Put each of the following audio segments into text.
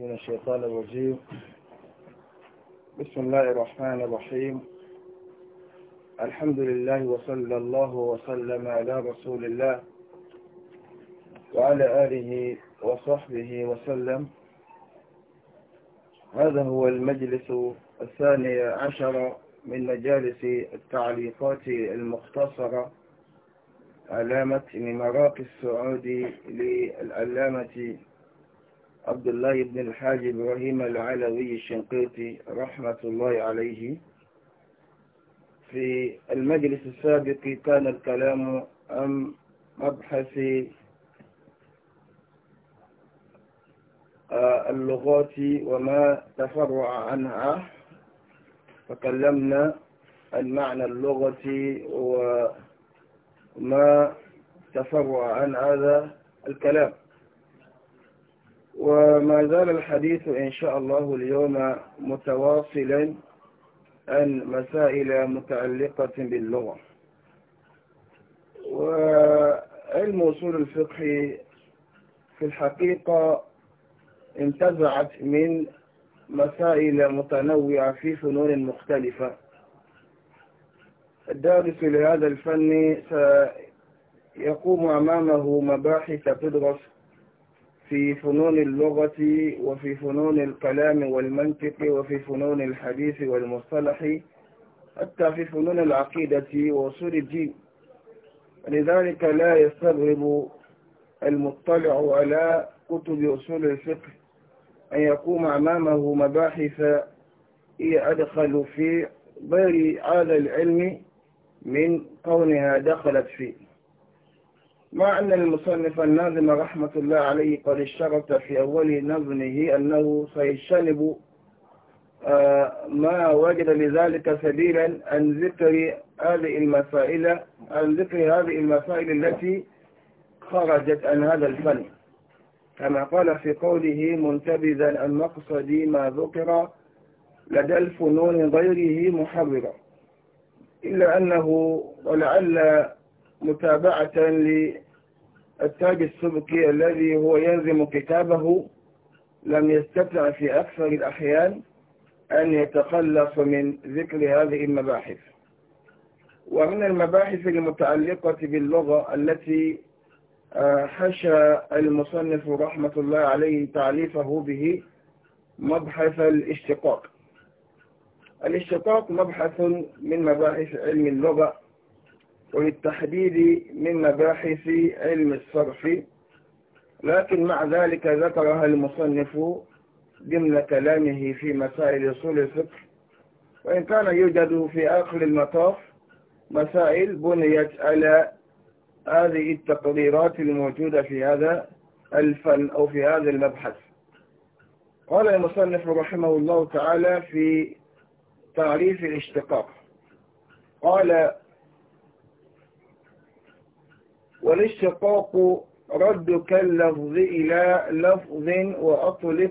من الشيطان الرجيم بسم الله الرحمن الرحيم الحمد لله وصلى الله وسلم على رسول الله وعلى آله وصحبه وسلم هذا هو المجلس الثاني عشر من مجالس التعليقات المختصرة علامة من مراقي السعودي للعلامة عبد الله بن الحاج إبراهيم العلوي الشنقيطي رحمة الله عليه في المجلس السابق كان الكلام عن مبحث آه، اللغات وما تفرع عنها تكلمنا عن معنى اللغة وما تفرع عن هذا الكلام وما زال الحديث إن شاء الله اليوم متواصلا عن مسائل متعلقة باللغة وعلم أصول الفقه في الحقيقة انتزعت من مسائل متنوعة في فنون مختلفة الدارس لهذا الفن سيقوم أمامه مباحث تدرس في فنون اللغة وفي فنون الكلام والمنطق وفي فنون الحديث والمصطلح حتى في فنون العقيدة وصول الدين لذلك لا يستغرب المطلع على كتب أصول الفقه أن يقوم أمامه مباحث هي أدخل في غير هذا العلم من كونها دخلت فيه مع أن المصنف الناظم رحمة الله عليه قد اشترط في أول نظمه أنه سيجتنب آه، ما وجد لذلك سبيلا عن ذكر هذه المسائل عن ذكر هذه المسائل التي خرجت عن هذا الفن كما قال في قوله منتبذا المقصد ما ذكر لدى الفنون غيره محررا إلا أنه ولعل متابعة التاج السبكي الذي هو يلزم كتابه لم يستطع في أكثر الأحيان أن يتخلص من ذكر هذه المباحث ومن المباحث المتعلقة باللغة التي آه، حشى المصنف رحمة الله عليه تعليفه به مبحث الاشتقاق الاشتقاق مبحث من مباحث علم اللغة وللتحديد من مباحث علم الصرف لكن مع ذلك ذكرها المصنف ضمن كلامه في مسائل اصول الفقه وإن كان يوجد في آخر المطاف مسائل بنيت على هذه التقريرات الموجودة في هذا الفن أو في هذا المبحث قال المصنف رحمه الله تعالى في تعريف الاشتقاق قال والاشتقاق رد كاللفظ إلى لفظ وأطلق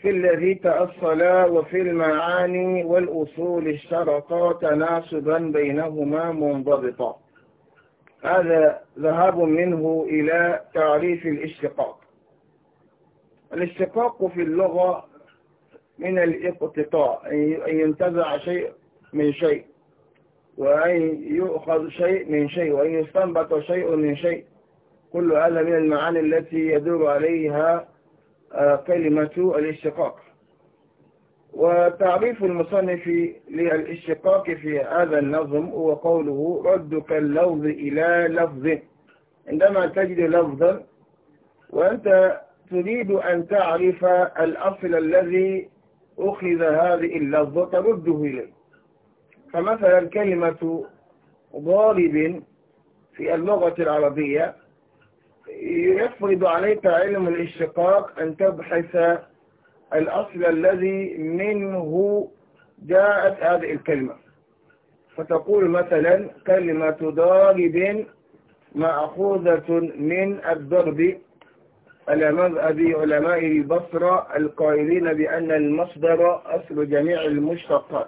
في الذي تأصلا وفي المعاني والأصول اشترطا تناسبا بينهما منضبطا هذا ذهاب منه إلى تعريف الاشتقاق الاشتقاق في اللغة من الاقتطاع أن ينتزع شيء من شيء وأن يؤخذ شيء من شيء وأن يستنبط شيء من شيء كل هذا من المعاني التي يدور عليها آه، كلمة الاشتقاق وتعريف المصنف للاشتقاق في هذا النظم هو قوله ردك اللفظ إلى لفظ عندما تجد لفظا وأنت تريد أن تعرف الأصل الذي أخذ هذه اللفظة ترده إليه فمثلا كلمة ضارب في اللغة العربية يفرض عليك علم الاشتقاق أن تبحث الأصل الذي منه جاءت هذه الكلمة فتقول مثلا كلمة ضارب مأخوذة من الضرب على مذهب علماء البصرة القائلين بأن المصدر أصل جميع المشتقات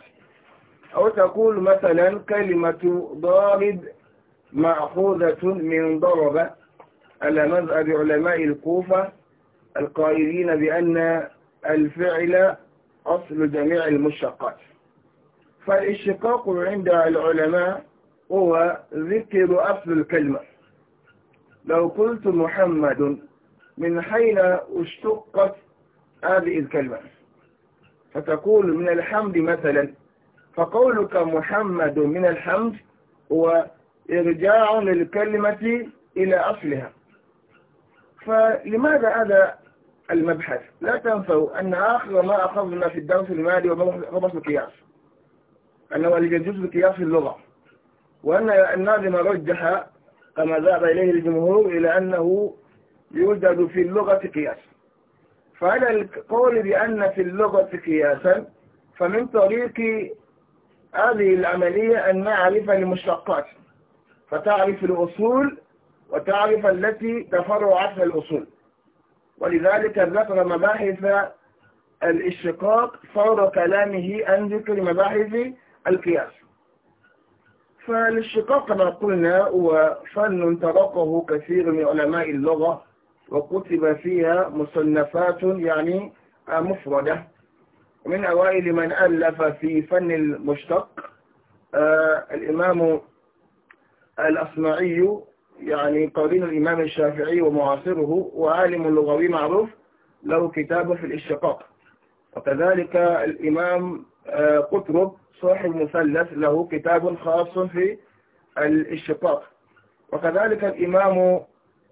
أو تقول مثلا كلمة ضارب مأخوذة من ضرب على مذهب علماء الكوفة القائلين بأن الفعل أصل جميع المشتقات فالاشتقاق عند العلماء هو ذكر أصل الكلمة لو قلت محمد من حين اشتقت هذه الكلمة فتقول من الحمد مثلا فقولك محمد من الحمد هو إرجاع للكلمة إلى أصلها فلماذا هذا المبحث لا تنسوا أن آخر ما أخذنا في الدرس المالي وبحث القياس أنه الجزء القياس اللغة وأن الناظم رجح كما ذهب إليه الجمهور إلى أنه يوجد في اللغة قياس فعلى القول بأن في اللغة قياسا فمن طريق هذه العملية أن نعرف المشتقات فتعرف الأصول وتعرف التي تفرعت الأصول ولذلك ذكر مباحث الاشتقاق فور كلامه عن ذكر مباحث القياس فالاشتقاق كما قلنا هو فن تركه كثير من علماء اللغة وكتب فيها مصنفات يعني مفردة ومن أوائل من ألف في فن المشتق آه، الإمام الأصمعي يعني قرين الإمام الشافعي ومعاصره وعالم لغوي معروف له كتابه في الاشتقاق وكذلك الإمام آه، قطرب صاحب مثلث له كتاب خاص في الاشتقاق وكذلك الإمام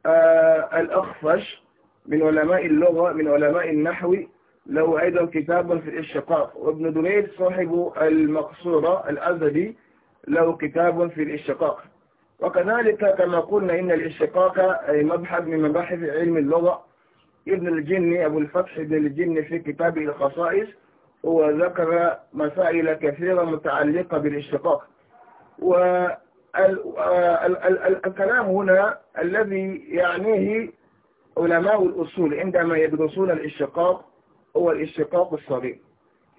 آه، الأخفش من علماء اللغة من علماء النحو له أيضا كتابا في الاشتقاق وابن دريد صاحب المقصورة الأزدي له كتاب في الاشتقاق وكذلك كما قلنا إن الاشتقاق مبحث من مباحث علم اللغة ابن الجني أبو الفتح ابن الجني في كتابه الخصائص هو ذكر مسائل كثيرة متعلقة بالاشتقاق والكلام هنا الذي يعنيه علماء الأصول عندما يدرسون الاشتقاق هو الاشتقاق الصريح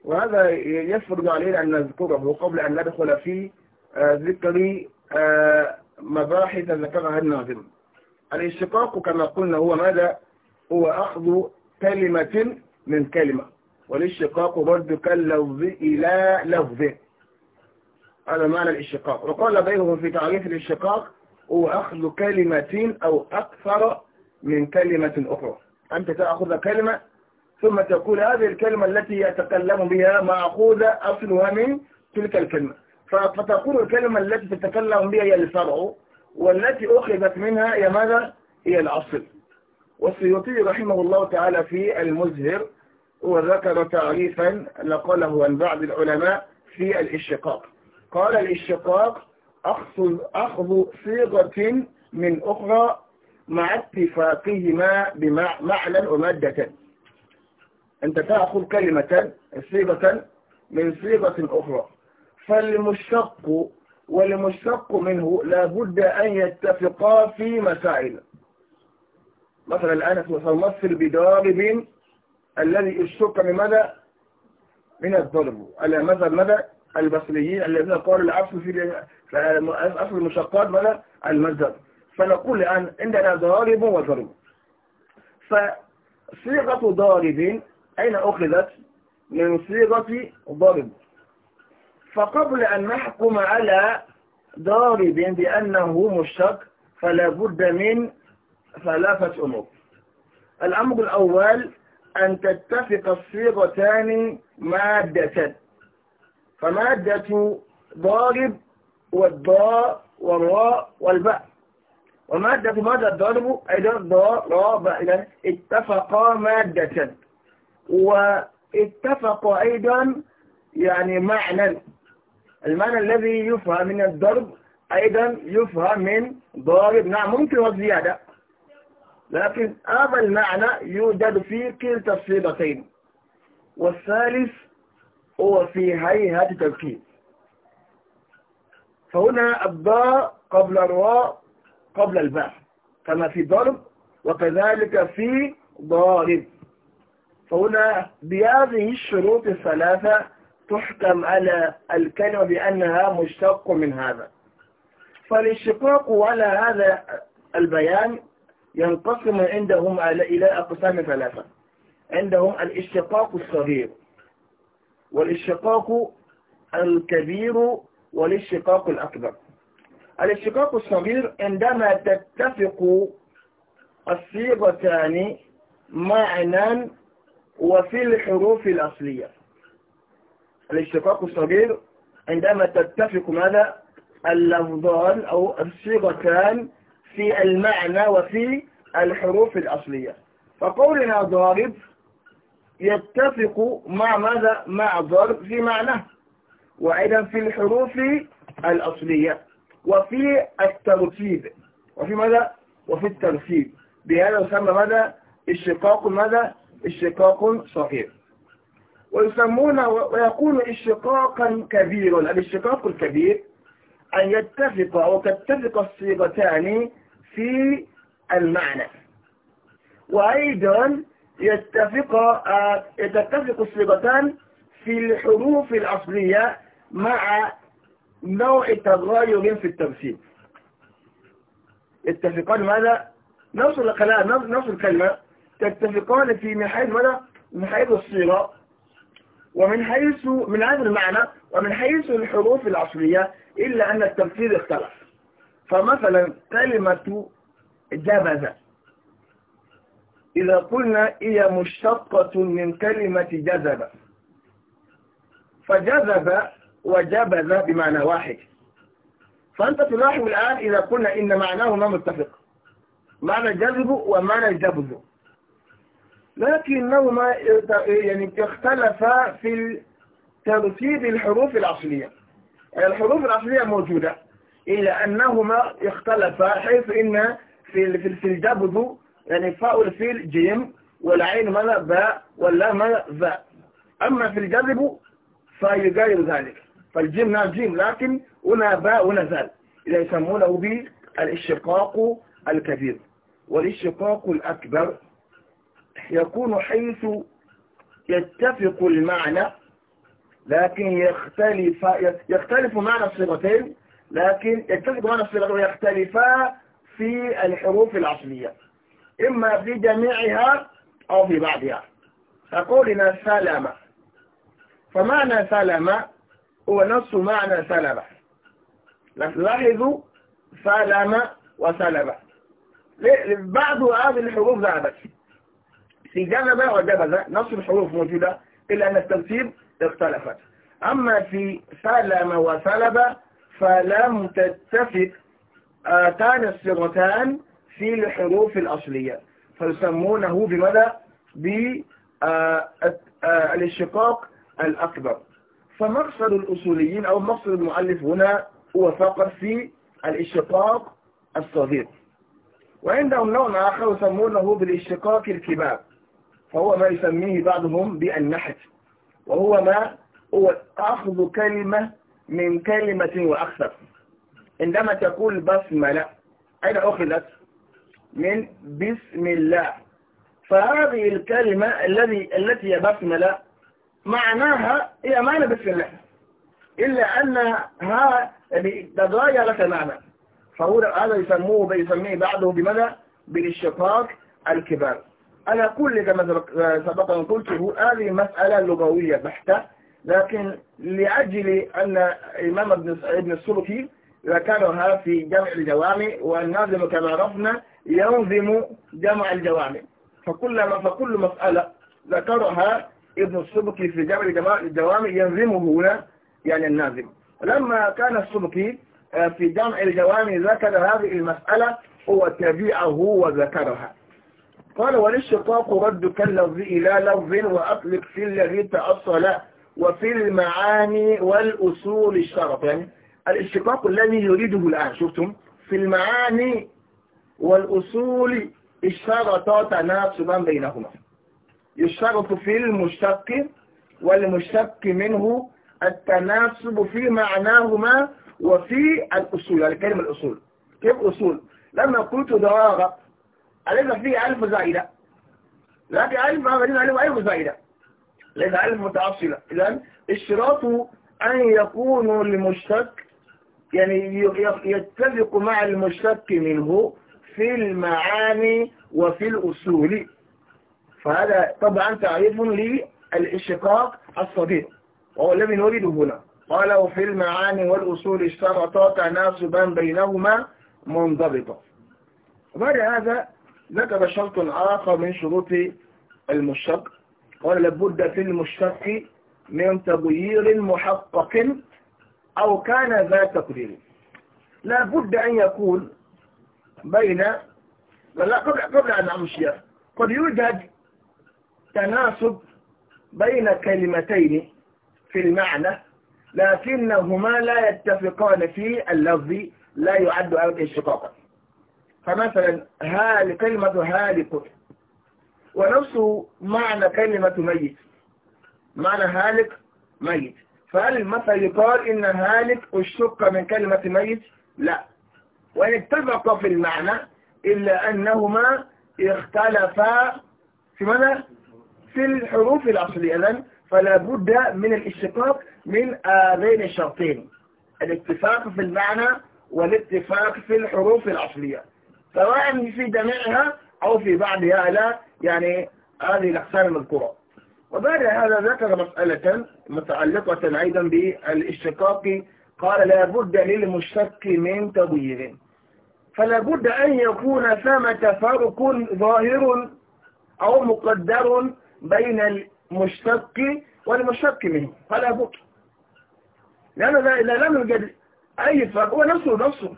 وهذا يفرض علينا أن نذكره قبل أن ندخل في آه، ذكر آه، مباحث ذكرها الناظم الاشتقاق كما قلنا هو ماذا هو أخذ كلمة من كلمة والاشتقاق رد كاللفظ إلى لفظ هذا معنى الاشتقاق وقال بينهم في تعريف الاشتقاق هو أخذ كلمة أو أكثر من كلمة أخرى أنت تأخذ كلمة ثم تكون هذه الكلمة التي يتكلم بها مأخوذة أصلها من تلك الكلمة فتكون الكلمة التي تتكلم بها هي الفرع والتي أخذت منها هي ماذا؟ هي الأصل والسيوطي رحمه الله تعالى في المزهر وذكر تعريفا نقله عن بعض العلماء في الاشتقاق قال الاشتقاق أخذ, أخذ صيغة من أخرى مع اتفاقهما بمعنى ومادة أنت تأخذ كلمة صيغة من صيغة أخرى فالمشتق والمشتق منه لابد أن يتفقا في مسائل مثلا الآن سنمثل بضارب الذي اشتق من ماذا؟ من الضرب على مذهب ماذا؟ البصريين الذين قالوا العفو في أصل المشقات ماذا؟ المذهب فنقول الآن عندنا ضارب وضرب فصيغة ضارب أين أخذت من صيغة ضرب فقبل أن نحكم على ضارب بأنه مشتق فلا بد من ثلاثة أمور الأمر الأول أن تتفق الصيغتان مادة فمادة ضارب والضاء والراء والباء ومادة ماذا الضرب أيضا ضاء راء باء اتفقا مادة واتفق أيضا يعني معنى المعنى الذي يفهم من الضرب أيضا يفهم من ضارب نعم ممكن وزيادة لكن هذا المعنى يوجد في كلتا الصيغتين والثالث هو في هيئة التركيب فهنا الضاء قبل الراء قبل الباء كما في ضرب وكذلك في ضارب فهنا بهذه الشروط الثلاثة تحكم على الكلمة بأنها مشتق من هذا فالاشتقاق على هذا البيان ينقسم عندهم إلى أقسام ثلاثة عندهم الاشتقاق الصغير والاشتقاق الكبير والاشتقاق الأكبر الاشتقاق الصغير عندما تتفق الصيغتان معنى وفي الحروف الأصلية الاشتقاق الصغير عندما تتفق ماذا اللفظان أو الصيغتان في المعنى وفي الحروف الأصلية فقولنا ضارب يتفق مع ماذا مع ضرب في معناه وأيضا في الحروف الأصلية وفي الترتيب وفي ماذا وفي الترتيب بهذا يسمى ماذا اشتقاق ماذا اشتقاق صغير ويسمونه ويكون اشتقاقا كبيرا الاشتقاق الكبير أن يتفق أو تتفق الصيغتان في المعنى وأيضا يتفق آه، يتفق الصيغتان في الحروف الأصلية مع نوع تغير في التمثيل يتفقان ماذا؟ نفس الكلام نفس الكلمة تتفقان في من حيث ماذا؟ من حيث الصيغة ومن حيث من هذا المعنى ومن حيث الحروف الأصلية إلا أن التمثيل اختلف فمثلا كلمة جبذة إذا قلنا هي مشتقة من كلمة جذب فجذب وجبذ بمعنى واحد فأنت تلاحظ الآن إذا قلنا إن معناهما متفق معنى الجذب ومعنى الجبذ لكنهما يعني اختلفا في ترتيب الحروف الأصلية يعني الحروف الأصلية موجودة إلى أنهما اختلفا حيث إن في في الجبد يعني فاء الفيل جيم والعين ماذا باء واللام ذا أما في الجذب فيغير ذلك فالجيم نعم جيم لكن هنا باء هنا ذال إذا يسمونه بالإشقاق الكبير والاشتقاق الأكبر يكون حيث يتفق المعنى لكن يختلف يختلف معنى الصيغتين لكن يتفق معنى الصيغتين ويختلفا في الحروف الأصلية إما في جميعها أو في بعضها فقولنا سلامة فمعنى سلامة هو نفس معنى سلامة لاحظوا سلامة وسلامة بعض هذه الحروف ذهبت في بقى وجبذا نفس الحروف موجودة إلا أن الترتيب اختلفت أما في سلم وسلب فلم تتفق آتان الصيغتان في الحروف الأصلية فيسمونه بماذا؟ بالاشتقاق الأكبر فمقصد الأصوليين أو مقصد المؤلف هنا هو فقط في الاشتقاق الصغير وعندهم نوع آخر يسمونه بالاشتقاق الكبار فهو ما يسميه بعضهم بالنحت وهو ما هو أخذ كلمة من كلمة وأكثر عندما تقول بسملة أين أخذت من بسم الله فهذه الكلمة الذي التي هي بسملة معناها هي معنى بسم الله إلا أنها لك معنى فهو هذا يسموه بيسميه بعده بماذا بالاشتقاق الكبار أنا كل كما سبق أن هذه مسألة لغوية بحتة لكن لأجل أن الإمام ابن السلطي ذكرها في جمع الجوامع والناظم كما عرفنا ينظم جمع الجوامع فكل ما فكل مسألة ذكرها ابن السبكي في جمع الجوامع ينظمه هنا يعني الناظم لما كان السبكي آه، في جمع الجوامع ذكر هذه المسألة هو تبيعه وذكرها قال والاشتقاق رد كاللفظ إلى لفظ وأطلق في الذي تأصل وفي المعاني والأصول الشرط يعني الاشتقاق الذي يريده الآن شفتم في المعاني والأصول الشرطة تناسبا بينهما يشترط في المشتق والمشتق منه التناسب في معناهما وفي الأصول الكلمة يعني الأصول كيف أصول لما قلت دراغة أليس فيه ألف زائدة لكن ألف غريب عليهم ألف زائدة ليس ألف متعصلة إذا الشراط أن يكون المشتك يعني يتفق مع المشتك منه في المعاني وفي الأصول فهذا طبعا تعريف للإشقاق الصديق وهو الذي نريده هنا قال وفي المعاني والأصول اشترطا تناسبا بينهما منضبطا وبعد هذا ذكر شرط آخر من شروط المشتق قال لابد في المشتق من تغيير محقق أو كان ذا تقدير لابد أن يكون بين لا قبل قبل أن أمشي قد يوجد تناسب بين كلمتين في المعنى لكنهما لا يتفقان في اللفظ لا يعد أو انشقاقا فمثلا هال كلمة هالك ونفسه معنى كلمة ميت معنى هالك ميت فهل مثلا يقال إن هالك اشتق من كلمة ميت لا وإن اتفق في المعنى إلا أنهما اختلفا في ماذا؟ في الحروف الأصلية إذن فلا بد من الاشتقاق من هذين الشرطين الاتفاق في المعنى والاتفاق في الحروف الأصلية سواء في جميعها أو في بعضها على يعني هذه الأقسام المذكورة وبعد هذا ذكر مسألة متعلقة أيضا بالاشتقاق قال لا بد للمشتق من تغيير فلا بد أن يكون ثمة فرق ظاهر أو مقدر بين المشتق والمشتق منه فلا بد لأنه إذا لم يوجد أي فرق هو نفسه نفسه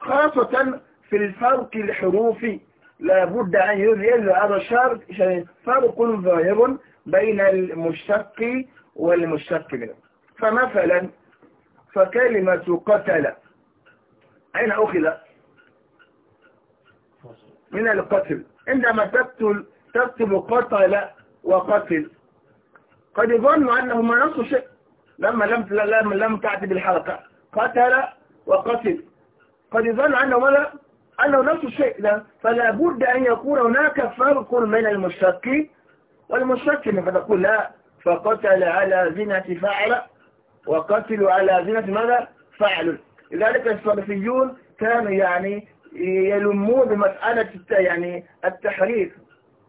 خاصة في الفرق الحروفي لابد أن يذهل هذا الشرط يعني فرق ظاهر بين المشتق والمشتق منه فمثلا فكلمة قتل أين أخذ من القتل عندما تقتل تكتب قتل وقتل قد أنه ما نص شيء لما لم لم لم تعتب بالحركة قتل وقتل قد يظن أنه ماذا؟ أنه نفس الشيء لا فلا بد أن يكون هناك فرق بين المشتق والمشتم فتقول لا فقتل على زنة فعل وقتل على زنة ماذا؟ فعل لذلك الصرفيون كانوا يعني يلمون بمسألة يعني التحريف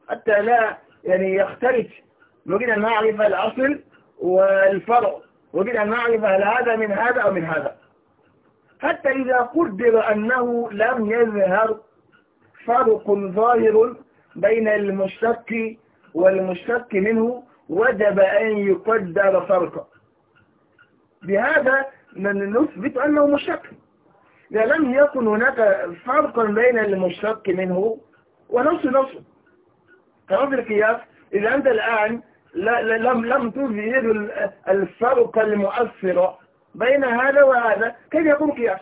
حتى لا يعني يختلف نريد أن نعرف الأصل والفرع نريد أن نعرف هل هذا من هذا أو من هذا حتى إذا قدر أنه لم يظهر فرق ظاهر بين المشتق والمشتق منه وجب أن يقدر فرقا بهذا من نثبت أنه مشتق إذا لم يكن هناك فرق بين المشتق منه ونص نص كما القياس إذا أنت الآن لم لم تظهر الفرق المؤثر بين هذا وهذا كيف يكون قياس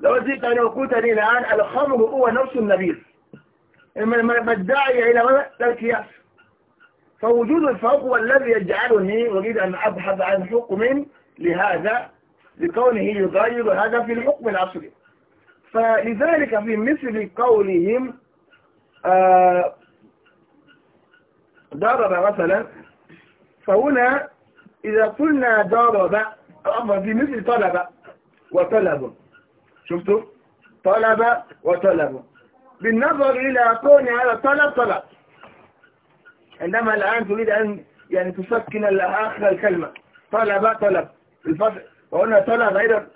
لو جئت أنا لي الآن الخمر هو نفس النبيذ ما الداعي إلى القياس فوجود الفرق هو الذي يجعلني أريد أن أبحث عن حكم لهذا لكونه يغير هذا في الحكم الأصلي فلذلك في مثل قولهم آه، ضرب مثلا فهنا إذا قلنا ضرب أما دي مثل طلب وطلب شفتوا طلب وطلب بالنظر إلى كون هذا الطلب طلب عندما الآن تريد أن يعني تسكن آخر الكلمة طلب طلب الفصل وقلنا طلب أيضا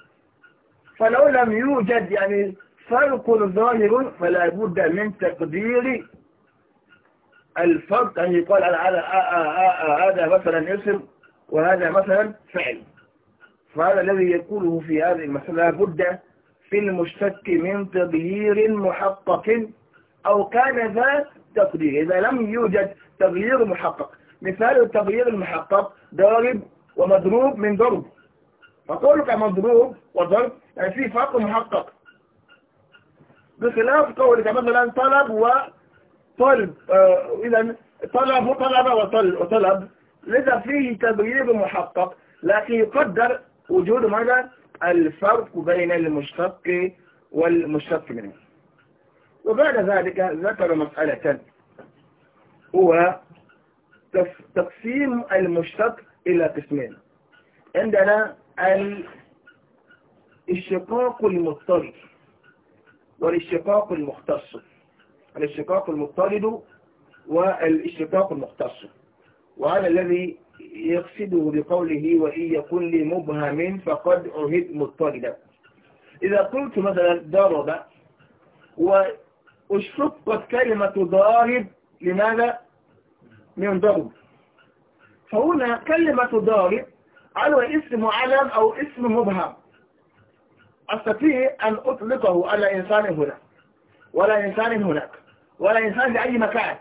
فلو لم يوجد يعني فرق ظاهر فلا بد من تقدير الفرق أن يعني يقال آه، آه، آه، هذا مثلا اسم وهذا مثلا فعل فهذا الذي يقوله في هذه المسألة لابد في المشتك من تغيير محقق أو كان ذا تقدير إذا لم يوجد تغيير محقق مثال التغيير المحقق ضارب ومضروب من ضرب فقولك مضروب وضرب يعني في فرق محقق بخلاف قولك مثلا طلب وطلب آه إذا طلب وطلب وطلب لذا فيه تغيير محقق لكن يقدر وجود ماذا الفرق بين المشتق والمشتق منه وبعد ذلك ذكر مسألة هو تقسيم المشتق إلى قسمين عندنا الاشتقاق المضطرد والاشتقاق المختص الاشتقاق المضطرد والاشتقاق المختص وهذا الذي يقصده بقوله وإن يكن لمبهم فقد عهد مضطردا إذا قلت مثلا ضرب وأشفقت كلمة ضارب لماذا؟ من ضرب فهنا كلمة ضارب على اسم علم أو اسم مبهم أستطيع أن أطلقه على إنسان هنا ولا إنسان هناك ولا إنسان أي مكان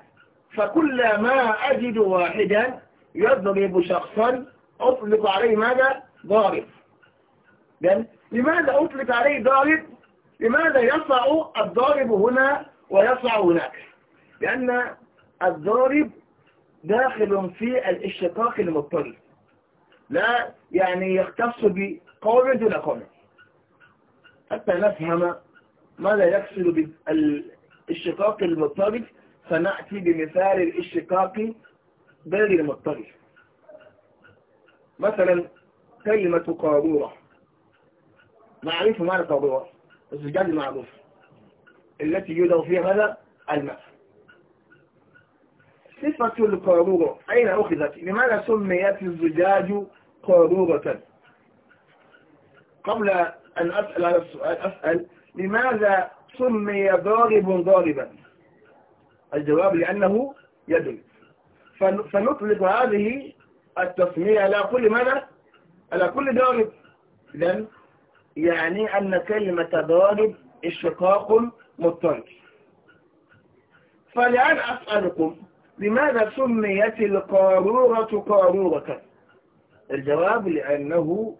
فكلما أجد واحدا يضرب شخصا أطلق عليه ماذا؟ ضارب لماذا أطلق عليه ضارب؟ لماذا يصع الضارب هنا ويصع هناك؟ لأن الضارب داخل في الاشتقاق المضطر لا يعني يختص بقول دون قول حتى نفهم ماذا يقصد بالاشتقاق المضطرب فنأتي بمثال الاشتقاق لما اضطرش مثلا كلمة قارورة معرفة معنى قارورة الزجاج المعروف التي يوضع فيها هذا الماء صفة القارورة أين أخذت؟ لماذا سميت الزجاج قارورة؟ قبل أن أسأل هذا السؤال أسأل لماذا سمي ضارب ضاربا؟ الجواب لأنه يدل فنطلق هذه التسمية على كل ماذا؟ على كل ضارب إذا يعني أن كلمة ضارب اشتقاق مضطرب فالآن أسألكم لماذا سميت القارورة قارورة؟ الجواب لأنه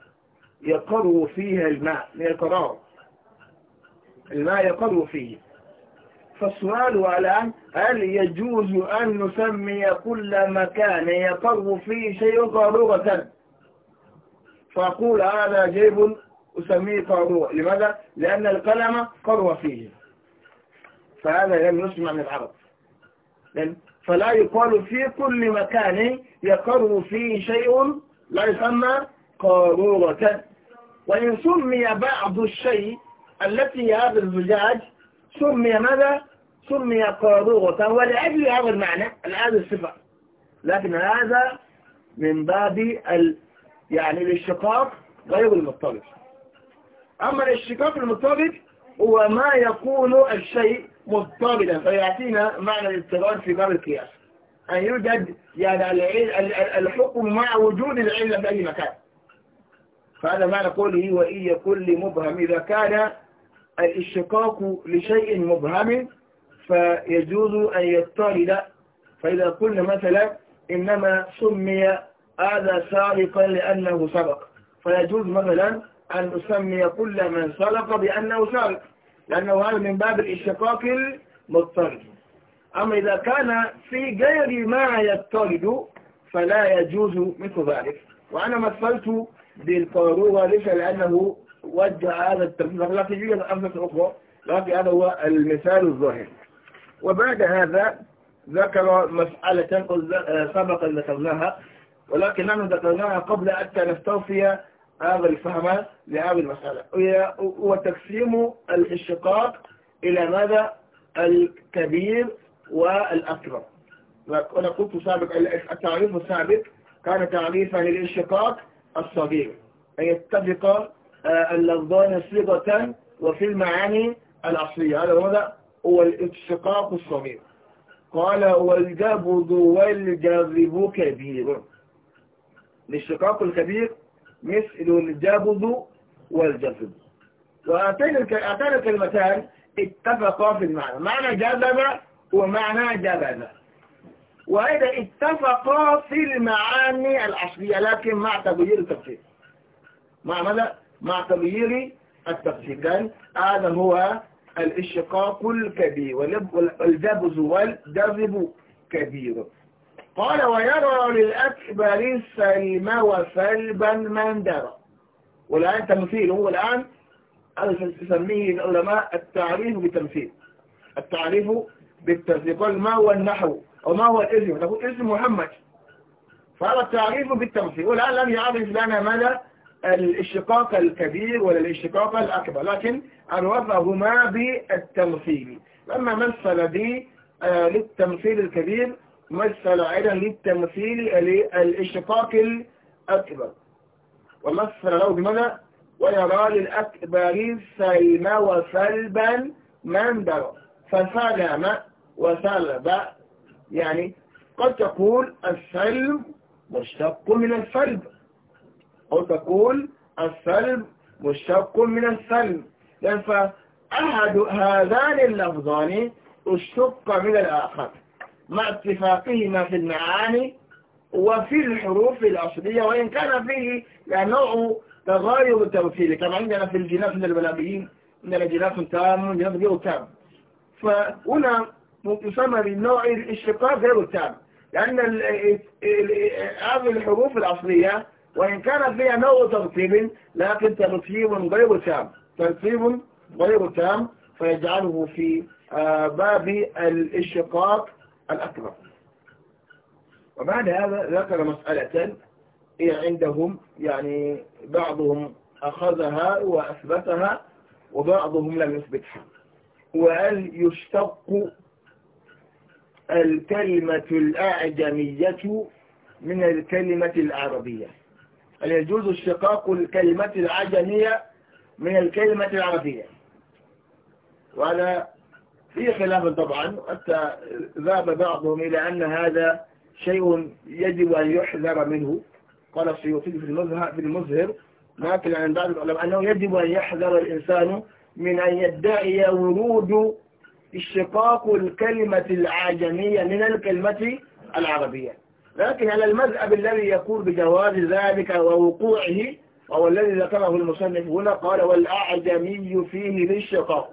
يقر فيها الماء من القرار الماء يقر فيه فالسؤال الآن هل يجوز أن نسمي كل مكان يقر فيه شيء قارورة فأقول هذا جيب أسميه قارورة لماذا؟ لأن القلم قر فيه فهذا لم يسمع من العرب فلا يقال في كل مكان يقر فيه شيء لا يسمى قارورة وإن سمي بعض الشيء التي هذا الزجاج سمي ماذا سمي قاروغة ولأجل هذا المعنى هذا الصفة لكن هذا من باب ال... يعني الاشتقاق غير المضطرب أما الاشتقاق المضطرب هو ما يكون الشيء مضطردا فيعطينا معنى الاضطرار في باب القياس أن يوجد يعني الحكم مع وجود العلة في أي مكان فهذا معنى قوله وإي كل مبهم إذا كان الاشتقاق لشيء مبهم فيجوز أن يضطرد فإذا قلنا مثلا إنما سمي هذا سارقا لأنه سرق فيجوز مثلا أن نسمي كل من سرق بأنه سارق لأنه هذا من باب الاشتقاق المضطرد أما إذا كان في غير ما يضطرد فلا يجوز مثل ذلك وأنا مثلت بالقاروره ليس لأنه وجه هذا الترتيب لا في يوجد أمثلة أخرى لكن هذا هو المثال الظاهر وبعد هذا ذكر مسألة آه، سبقا ذكرناها ولكن نحن ذكرناها قبل أن نستوفي هذا الفهم لهذه المسألة هو تقسيم الاشتقاق إلى ماذا الكبير والأكبر وأنا قلت سابق التعريف السابق كان تعريفا للانشقاق الصغير أن يتفق اللفظان آه، صيغة وفي المعاني الأصلية هذا هو هو الاشتقاق الصغير قال والجبد والجذب كبير الاشتقاق الكبير مثل الجبد والجذب وأعطينا كلمتان اتفقا في المعنى معنى جذب ومعنى جبل وهذا اتفقا في المعاني الأصلية لكن مع تغيير التفسير مع ماذا؟ مع تغيير التقسيم هذا هو الاشقاق الكبير والجبز والجذب كبير قال ويرى للأكبر السلم وسلبا درى والآن تمثيل هو الآن يسميه العلماء التعريف بالتمثيل التعريف بالتمثيل قال ما هو النحو أو ما هو الاسم نقول اسم محمد فهذا التعريف بالتمثيل والآن لم يعرف لنا ماذا الاشتقاق الكبير ولا الاشتقاق الأكبر لكن عرفهما بالتمثيل لما مثل ب آه، للتمثيل الكبير مثل أيضا للتمثيل للاشتقاق الأكبر ومثل له بماذا ويرى للأكبر سلم وسلبا منبرا فسلم وسلب يعني قد تقول السلم مشتق من السلب أو تقول السلب مشتق من السلب لأن فأحد هذان اللفظان اشتق من الآخر مع اتفاقهما في المعاني وفي الحروف الأصلية وإن كان فيه نوع تغاير التوثيل كما عندنا في الجناس من البلابيين عندنا جناس تام وجناس غير تام فهنا يسمى بالنوع الاشتقاق غير التام لأن هذه الحروف الأصلية وإن كان فيها نوع ترتيب لكن ترتيب غير تام ترتيب غير تام فيجعله في آه، باب الاشتقاق الأكبر وبعد هذا ذكر مسألة عندهم يعني بعضهم أخذها وأثبتها وبعضهم لم يثبتها وهل يشتق الكلمة الأعجمية من الكلمة العربية هل يجوز اشتقاق الكلمة العجمية من الكلمة العربية وهذا في خلاف طبعا حتى ذهب بعضهم إلى أن هذا شيء يجب أن يحذر منه قال السيوطي في المظهر في المظهر ناقل عن بعض العلماء أنه يجب أن يحذر الإنسان من أن يدعي ورود اشتقاق الكلمة العجمية من الكلمة العربية لكن على المذهب الذي يقول بجواز ذلك ووقوعه وهو الذي ذكره المصنف هنا قال والأعجمي فيه للشقاق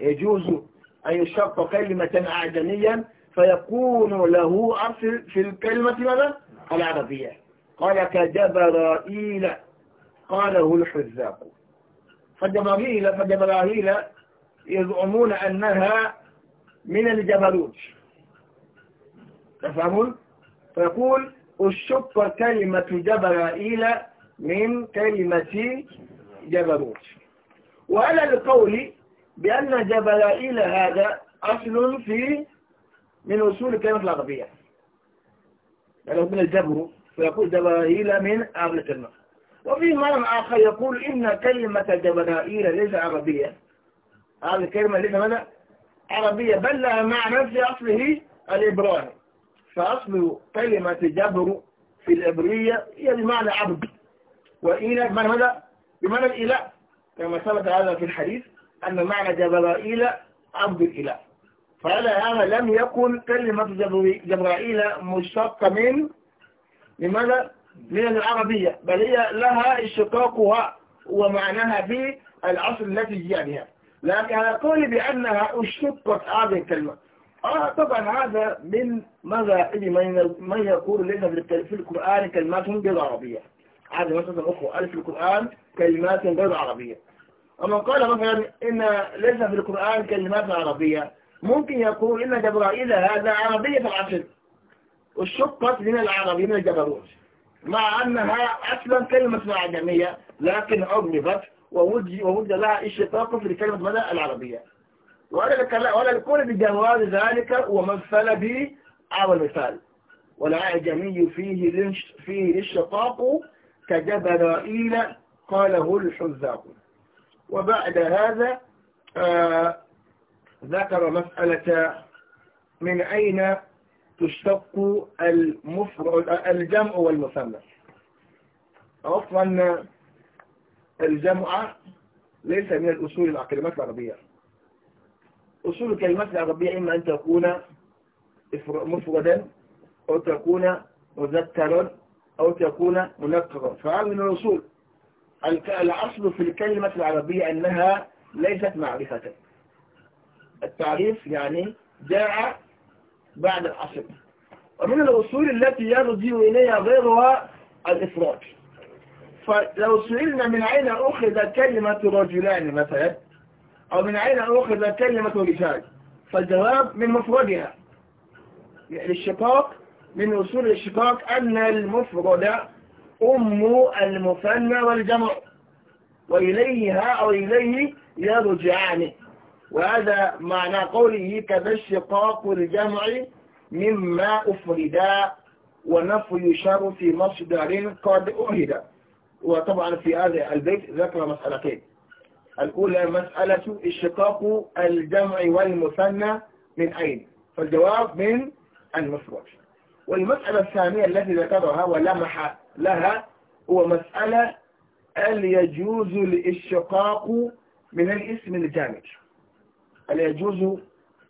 يجوز أن يشق كلمة أعجميا فيكون له أصل في الكلمة ماذا؟ العربية قال كجبرائيل قاله الحذاق فجبرائيل فجبرائيل يزعمون أنها من الجبروت تفهمون؟ فيقول اشتق كلمة جبرائيل من كلمة جبروت وعلى القول بأن جبرائيل هذا أصل في من أصول الكلمة العربية يعني من الجبر فيقول جبرائيل من أهل الكلمة وفي مرة آخر يقول إن كلمة جبرائيل ليس عربية هذه الكلمة ليس ماذا؟ عربية بل لها معنى في أصله الإبراهيم فأصل كلمة جبر في العبرية هي بمعنى عبد وإلى بمعنى ماذا؟ بمعنى الإله كما ثبت هذا في الحديث أن معنى جبرائيل عبد الإله فعلى هذا لم يكن كلمة جبرائيل مشتقة من لماذا؟ من العربية بل هي لها اشتقاقها ومعناها في العصر التي جاء بها لكن على قولي بأنها اشتقت هذه الكلمة آه طبعا هذا من مذاهب من يقول لنا في القرآن كلمات غير عربية هذه مسألة أخرى ألف القرآن كلمات غير عربية ومن قال مثلا إن ليس في القرآن كلمات عربية ممكن يقول إن جبرائيل هذا عربية العصر وشقت من العربي من الجبروت مع أنها أصلا كلمة أعجمية لكن عربت ووجد لها اشتقاق في كلمة ماذا العربية ولا الكل بجواز ذلك ومثل به أو المثال والعجمي فيه فيه الشقاق كجبرائيل قاله الحذاق وبعد هذا آه ذكر مسألة من أين تشتق الجمع والمثنى أصلا الجمع ليس من الأصول العقلمات العربية أصول الكلمات العربية إما أن تكون مفردا أو تكون مذكرا أو تكون منكرا فهذا من الأصول الأصل في الكلمة العربية أنها ليست معرفة التعريف يعني جاء بعد الأصل ومن الأصول التي يرجع إليها غيرها الإفراج فلو سئلنا من أين أخذ كلمة رجلان مثلا أو من عين أخذ كلمة لسان فالجواب من مفردها للشقاق يعني من وصول الشقاق أن المفرد أم المثنى والجمع وإليها أو إليه يرجعان وهذا معنى قوله كذا الشقاق الجمع مما أفردا ونفي شرف في مصدر قد أهدا وطبعا في هذا البيت ذكر مسألتين الأولى مسألة اشتقاق الجمع والمثنى من أين فالجواب من المفرد والمسألة الثانية التي ذكرها ولمح لها هو مسألة هل يجوز الاشتقاق من الاسم الجامد هل يجوز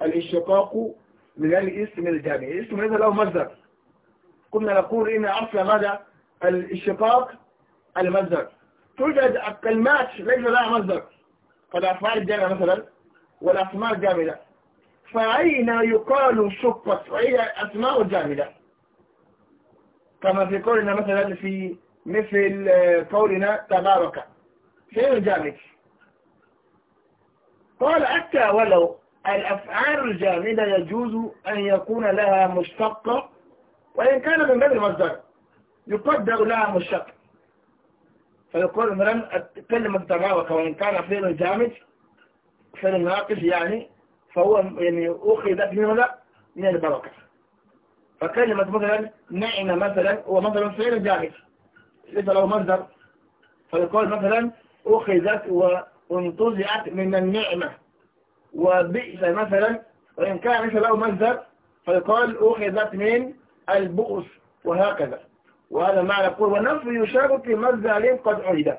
الاشتقاق من الاسم الجامد الاسم هذا له مصدر كنا نقول إن أصل ماذا الاشتقاق المصدر توجد الكلمات ليس لها مصدر فالأفعال الجامعة مثلا والأسماء الجامدة فأين يقال شقت وهي أسماء جامدة كما في قولنا مثلا في مثل آه، قولنا تبارك شيء جامد قال حتى ولو الأفعال الجامدة يجوز أن يكون لها مشتقة وإن كان من باب المصدر يقدر لها مشتق فيقول مثلا كلمة تبعوك وإن كان فعل جامد فعل ناقص يعني فهو يعني أخذت منه من البركة فكلمة مثلا نعم مثلا هو مثلا فعل جامد ليس له مصدر فيقول مثلا أخذت وانتزعت من النعمة وبئس مثلا وإن كان ليس له مصدر فيقول أخذت من البؤس وهكذا وهذا معنى قول والنفي يشارك في عليه قد عهد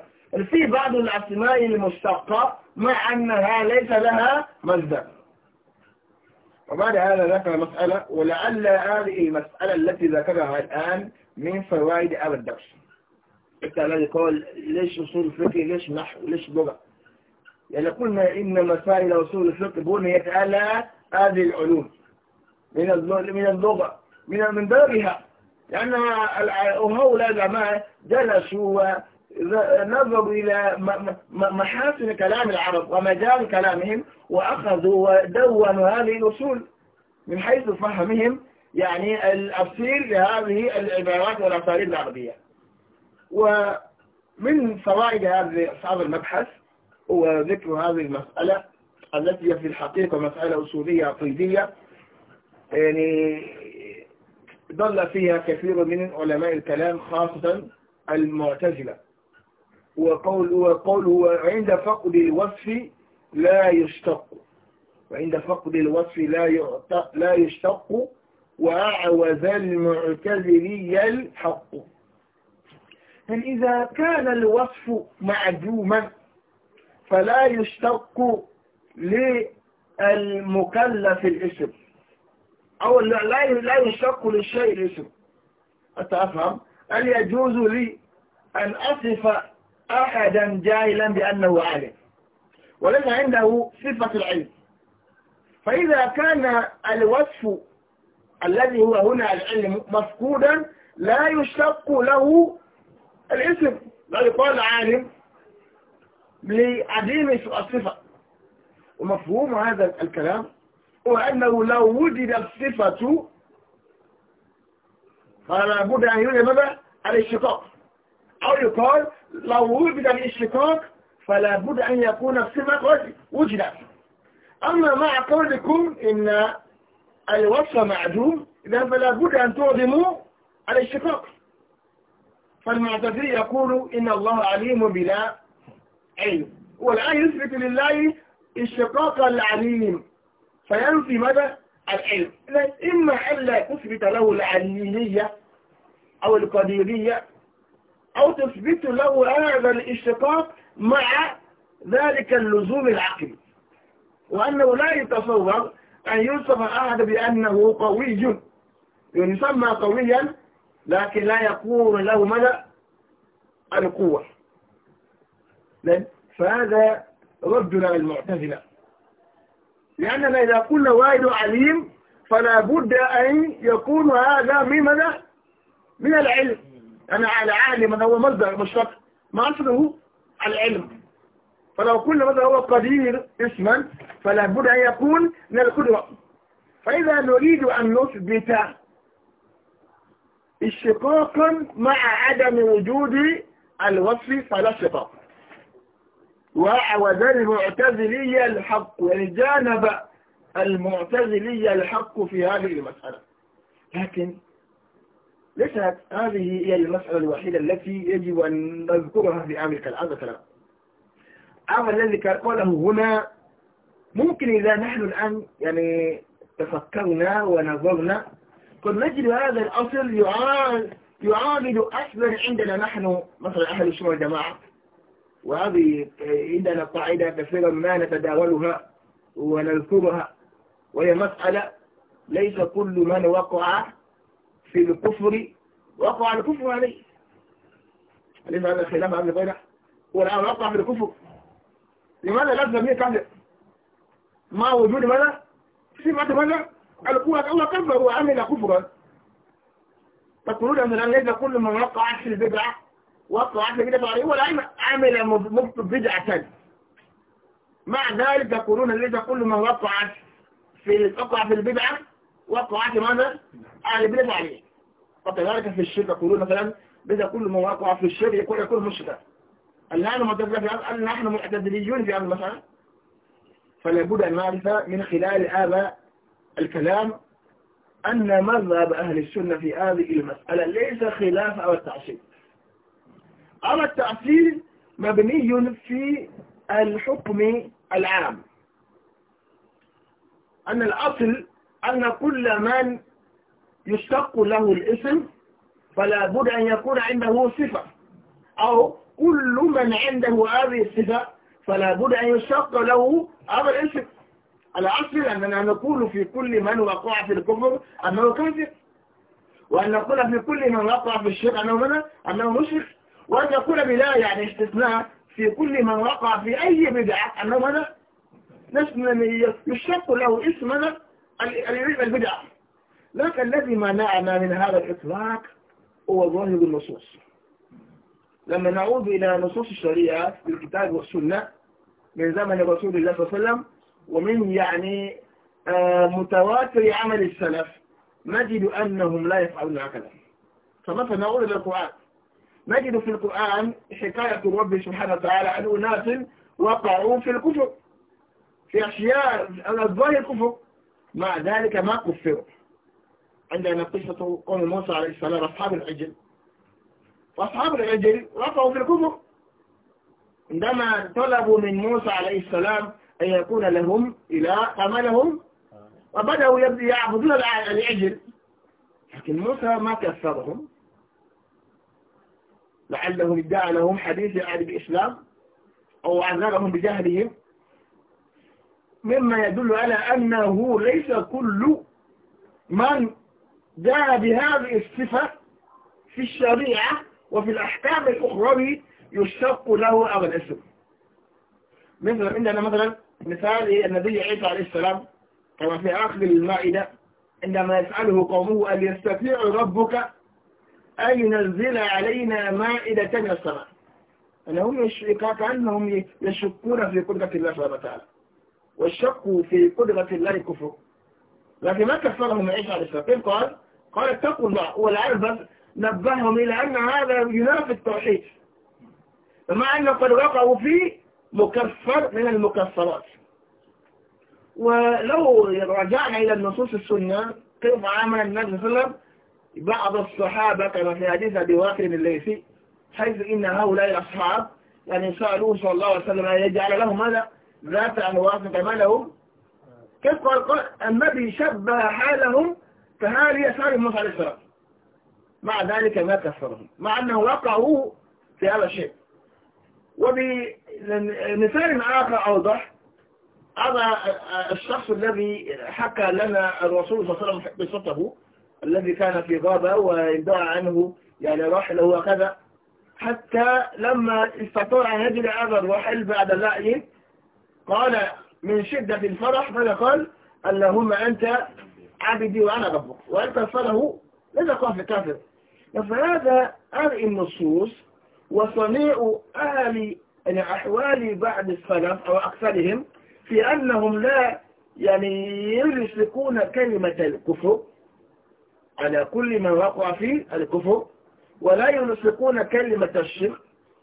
في بعض الأسماء المشتقة مع أنها ليس لها مزد وبعد هذا ذكر مسألة ولعل هذه المسألة التي ذكرها الآن من فوائد أبا الدرس حتى الذي قال ليش اصول الفقه ليش نحو ليش لغه يعني قلنا ان مسائل اصول الفقه بنيت على هذه العلوم من من اللغه من من بابها لأن هؤلاء العلماء جلسوا ونظروا إلى محاسن كلام العرب ومجال كلامهم وأخذوا ودونوا هذه الأصول من حيث فهمهم يعني الأصيل لهذه العبارات والأساليب العربية ومن فوائد هذا المبحث هو ذكر هذه المسألة التي في الحقيقة مسألة أصولية عقيدية يعني ضل فيها كثير من علماء الكلام خاصة المعتزلة وقول وقوله عند فقد الوصف لا يشتق وعند فقد الوصف لا لا يشتق وأعوز المعتزلي الحق فإذا كان الوصف معدوما فلا يشتق للمكلف الاسم أو لا لا يشتق للشيء اسم حتى أفهم هل يجوز لي أن أصف أحدا جاهلا بأنه عالم وليس عنده صفة العلم فإذا كان الوصف الذي هو هنا العلم مفقودا لا يشتق له الاسم لا يقال عالم لعديم الصفة ومفهوم هذا الكلام وأنه لو وجدت صفة فلا بد أن يوجد ماذا؟ الاشتقاق أو يقال لو وجد الاشتقاق فلا بد أن يكون الصفة قد وجدت أما مع قولكم إن الوصف معدوم إذا فلا بد أن تعظموا الاشتقاق فالمعتزلي يقول إن الله عليم بلا علم والآن يثبت لله اشتقاق العليم فينفي مدى العلم إذا إما أن لا تثبت له العلمية أو القديرية أو تثبت له هذا الاشتقاق مع ذلك اللزوم العقلي وأنه لا يتصور أن يوصف أحد بأنه قوي يعني يسمى قويا لكن لا يقول له مدى القوة فهذا ردنا للمعتزلة لأننا إذا قلنا واحد عليم فلا بد أن يكون هذا من ماذا؟ من العلم أنا على عالم هو مصدر شرط. ما أصله العلم فلو قلنا مثلا هو قدير اسما فلا بد أن يكون من القدرة فإذا نريد أن نثبت اشتقاقا مع عدم وجود الوصف فلا اشتقاق وعوز المعتزلية الحق يعني جانب المعتزلية الحق في هذه المسألة لكن ليست هذه هي المسألة الوحيدة التي يجب أن نذكرها في أمريكا العادة لا أما الذي كان قوله هنا ممكن إذا نحن الآن يعني تفكرنا ونظرنا قد نجد هذا الأصل يعامل أصلا عندنا نحن مثلا أهل الشمال جماعة وهذه آه، عندنا قاعدة كثيرا ما نتداولها ونذكرها وهي مسألة ليس كل من وقع في الكفر وقع الكفر عليه أليس هذا الخلاف عن غيره والآن وقع في الكفر لماذا لازم يكفر مع وجود ماذا صفة ماذا القوة هو كفر وعمل كفرا تقولون أن ليس كل من وقع في البدعة وقع عبد كده عليه ولا عمل مبطل بدعة مع ذلك يقولون ليس كل ما وقعت في وقع في البدعة وقعت ماذا؟ على البدعة عليه وكذلك في الشرك يقولون مثلا ليس كل ما وقع في الشرك يقول يكون مشركا الآن مدرسة في نحن معتدليون في هذا المسألة فلا بد أن نعرف من خلال هذا الكلام أن مذهب أهل السنة في هذه المسألة ليس خلاف أو تعصيب أما التأثير مبني في الحكم العام أن الأصل أن كل من يشتق له الاسم فلا بد أن يكون عنده صفة أو كل من عنده هذه الصفة فلا بد أن يشتق له هذا الاسم الأصل أننا نقول في كل من وقع في الكفر أنه كافر وأن نقول في كل من وقع في الشرك أنه, أنه مشرك وأن يكون بلا يعني استثناء في كل من وقع في أي بدعة أنه ماذا؟ نسمى يشتق له اسم البدعة لكن الذي منعنا من هذا الإطلاق هو ظاهر النصوص لما نعود إلى نصوص الشريعة في الكتاب والسنة من زمن رسول الله صلى الله عليه وسلم ومن يعني آه، متواتر عمل السلف نجد أنهم لا يفعلون هكذا فمثلا نقول إلى القرآن نجد في القرآن حكاية الرب سبحانه وتعالى عن أناس وقعوا في الكفر في أشياء الظاهر الكفر مع ذلك ما كفروا عندنا قصة قوم موسى عليه السلام أصحاب العجل فأصحاب العجل وقعوا في الكفر عندما طلبوا من موسى عليه السلام أن يكون لهم إله قملهم وبدأوا يعبدون العجل لكن موسى ما كفرهم لعلهم ادعى لهم حديث عن الإسلام أو عذرهم بجهلهم مما يدل على أنه ليس كل من جاء بهذه الصفة في الشريعة وفي الأحكام الأخرى يشتق له أو الاسم مثلا عندنا مثلا مثال النبي عيسى عليه السلام كما في آخر المائدة عندما يسأله قومه أن يستطيع ربك أن ينزل علينا مائدة من السماء أنهم كأنهم يشكون في قدرة الله سبحانه وتعالى والشك في قدرة الله كفر لكن ما كفرهم عيسى عليه السلام قال قال اتقوا الله والعرب نبههم إلى أن هذا ينافي التوحيد مع أن قد وقعوا في مكفر من المكفرات ولو رجعنا إلى النصوص السنة كيف عمل النبي صلى الله عليه وسلم بعض الصحابة كما في حديث أبي واقر الليثي حيث إن هؤلاء الأصحاب يعني سألوه صلى الله عليه وسلم أن يجعل لهم ماذا ذات أنواف كما لهم كيف قال النبي شبه حالهم فهذه يسأل موسى عليه السلام مع ذلك ما كفرهم مع أنه وقعوا في هذا الشيء وبمثال آخر أوضح هذا الشخص الذي حكى لنا الرسول صلى الله عليه وسلم قصته الذي كان في غابة واندعى عنه يعني رحله وكذا حتى لما استطاع أن يجد هذا الرحل بعد لعي قال من شدة الفرح ماذا قال اللهم أنت عبدي وأنا ربك وأنت فله لذا قال في كافر فهذا هذه النصوص وصنيع أهل يعني أحوال بعض السلف أو أكثرهم في أنهم لا يعني يلصقون كلمة الكفر على كل من وقع في الكفر ولا ينفقون كلمة الشرك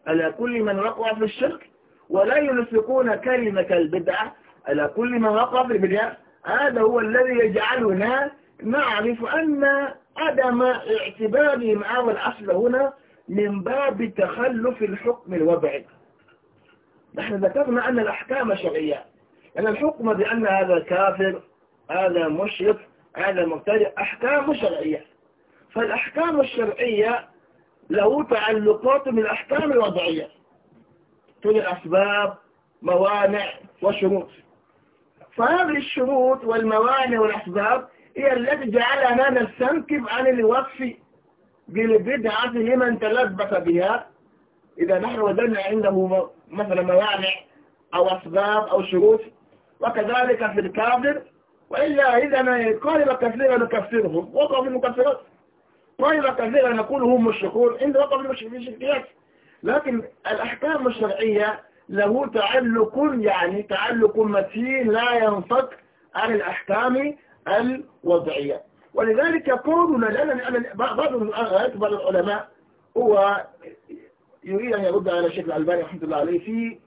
على كل من وقع في الشرك ولا ينفقون كلمة البدعة على كل من وقع في البدعة هذا هو الذي يجعلنا نعرف أن عدم اعتبارهم هذا الأصل هنا من باب تخلف الحكم الوضعي نحن ذكرنا أن الأحكام شرعية أن يعني الحكم بأن هذا كافر هذا مشرك هذا المبتدئ أحكام شرعية فالأحكام الشرعية له تعلقات بالأحكام الوضعية توجد أسباب موانع وشروط فهذه الشروط والموانع والأسباب هي التي جعلنا نستنكف عن الوصف بالبدعة لمن تلبس بها إذا نحن وجدنا عنده مثلا موانع أو أسباب أو شروط وكذلك في الكافر وإلا إذا ما قال كثيرا نكفرهم وقع في المكفرات قال كثيرا نقول هم مشركون إن وقع في المشركيات لكن الأحكام الشرعية له تعلق يعني تعلق متين لا ينفك عن الأحكام الوضعية ولذلك قولنا لأن بعض بعض العلماء هو يريد أن يرد على الشيخ الألباني رحمة الله عليه في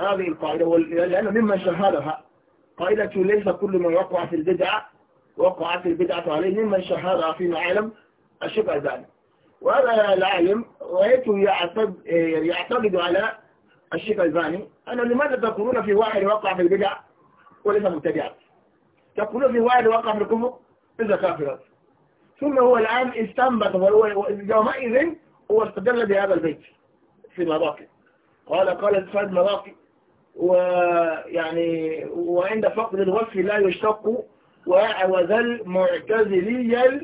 هذه القاعدة لأنه مما شهدها قائلة ليس كل من وقع في البدعة وقعت البدعة عليه ممن شهر في معالم أشبع ذلك وهذا العالم رأيته يعتقد على الشيخ الباني أنا لماذا تقولون في واحد وقع في البدع وليس مبتدعا تقولون في واحد وقع في الكفر إذا كافرا ثم هو الآن استنبط يومئذ هو استدل بهذا البيت في المراقي قال قال سعد مراقب ويعني وعند فقد الوصف لا يشتق وذل معتزليا